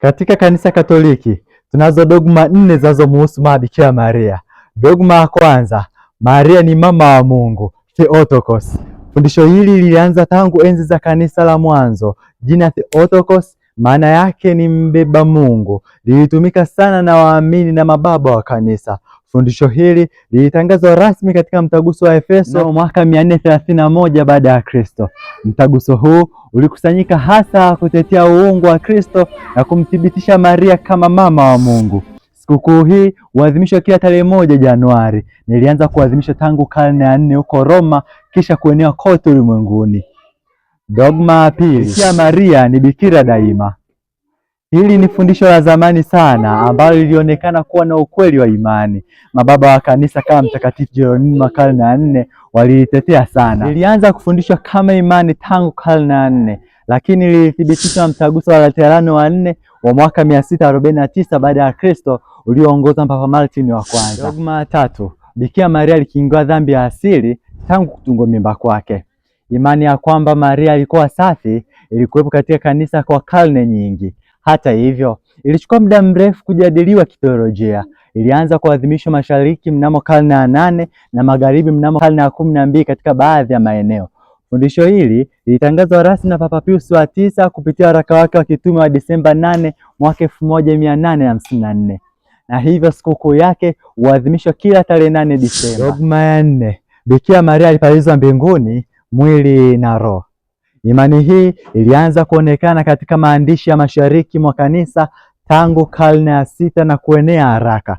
Katika kanisa Katoliki tunazo dogma nne zinazomuhusu Mama Bikira Maria. Dogma ya kwanza, Maria ni mama wa Mungu, Theotokos. Fundisho hili lilianza tangu enzi za kanisa la mwanzo. Jina Theotokos maana yake ni mbeba Mungu, lilitumika sana na waamini na mababa wa kanisa. Fundisho hili lilitangazwa rasmi katika mtaguso wa Efeso mwaka 431 baada ya Kristo. Mtaguso huu ulikusanyika hasa kutetea uungu wa Kristo na kumthibitisha Maria kama mama wa Mungu. Sikukuu hii huadhimishwa kila tarehe moja Januari. Nilianza kuadhimishwa tangu karne ya nne huko Roma, kisha kuenea kote ulimwenguni. Dogma ya pili: Maria ni bikira daima. Hili ni fundisho la zamani sana ambalo lilionekana kuwa na ukweli wa imani. Mababa wa kanisa kama Mtakatifu Jeronimo wa karne ya nne walilitetea sana. Lilianza kufundishwa kama imani tangu karne ya nne, lakini lilithibitishwa na Mtaguso wa Laterano wa nne wa mwaka 649 baada ya Kristo ulioongozwa Papa Martin wa kwanza. Dogma tatu: Bikira Maria alikingiwa dhambi ya asili tangu kutungwa mimba kwake. Imani ya kwamba Maria alikuwa safi ilikuwepo katika kanisa kwa karne nyingi. Hata hivyo, ilichukua muda mrefu kujadiliwa kitheolojia. Ilianza kuadhimishwa mashariki mnamo karne ya nane na magharibi mnamo karne ya kumi na mbili katika baadhi ya maeneo. Fundisho hili lilitangazwa rasmi na Papa Pius wa tisa kupitia waraka wake wa kitume wa Disemba 8 mwaka 1854 na hivyo sikukuu yake huadhimishwa kila tarehe nane Disemba. Dogma ya nne: Bikira Maria alipalizwa mbinguni mwili na roho. Imani hii ilianza kuonekana katika maandishi ya mashariki mwa kanisa tangu karne ya sita na kuenea haraka.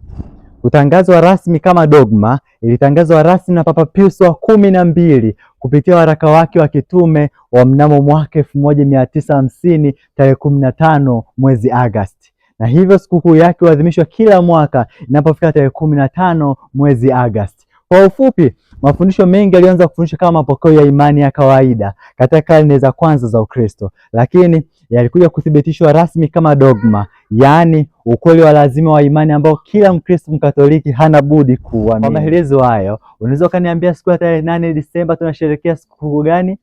Kutangazwa rasmi kama dogma, ilitangazwa rasmi na Papa Pius wa kumi na mbili kupitia waraka wake wa kitume wa mnamo mwaka elfu moja mia tisa hamsini tarehe kumi na tano mwezi Agasti, na hivyo sikukuu yake huadhimishwa kila mwaka inapofika tarehe kumi na tano mwezi Agasti. Kwa ufupi, mafundisho mengi alianza kufundisha kama mapokeo ya imani ya kawaida katika karne za kwanza za Ukristo, lakini yalikuja kuthibitishwa rasmi kama dogma, yaani ukweli wa lazima wa imani ambao kila Mkristo Mkatoliki hana budi kuamini. Kwa maelezo hayo, unaweza ukaniambia siku ya tarehe nane Disemba tunasherehekea sikukuu gani?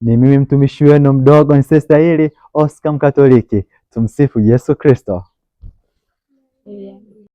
Ni mimi mtumishi wenu mdogo nisiyestahili, Oscar Mkatoliki. Tumsifu Yesu Kristo. Yeah.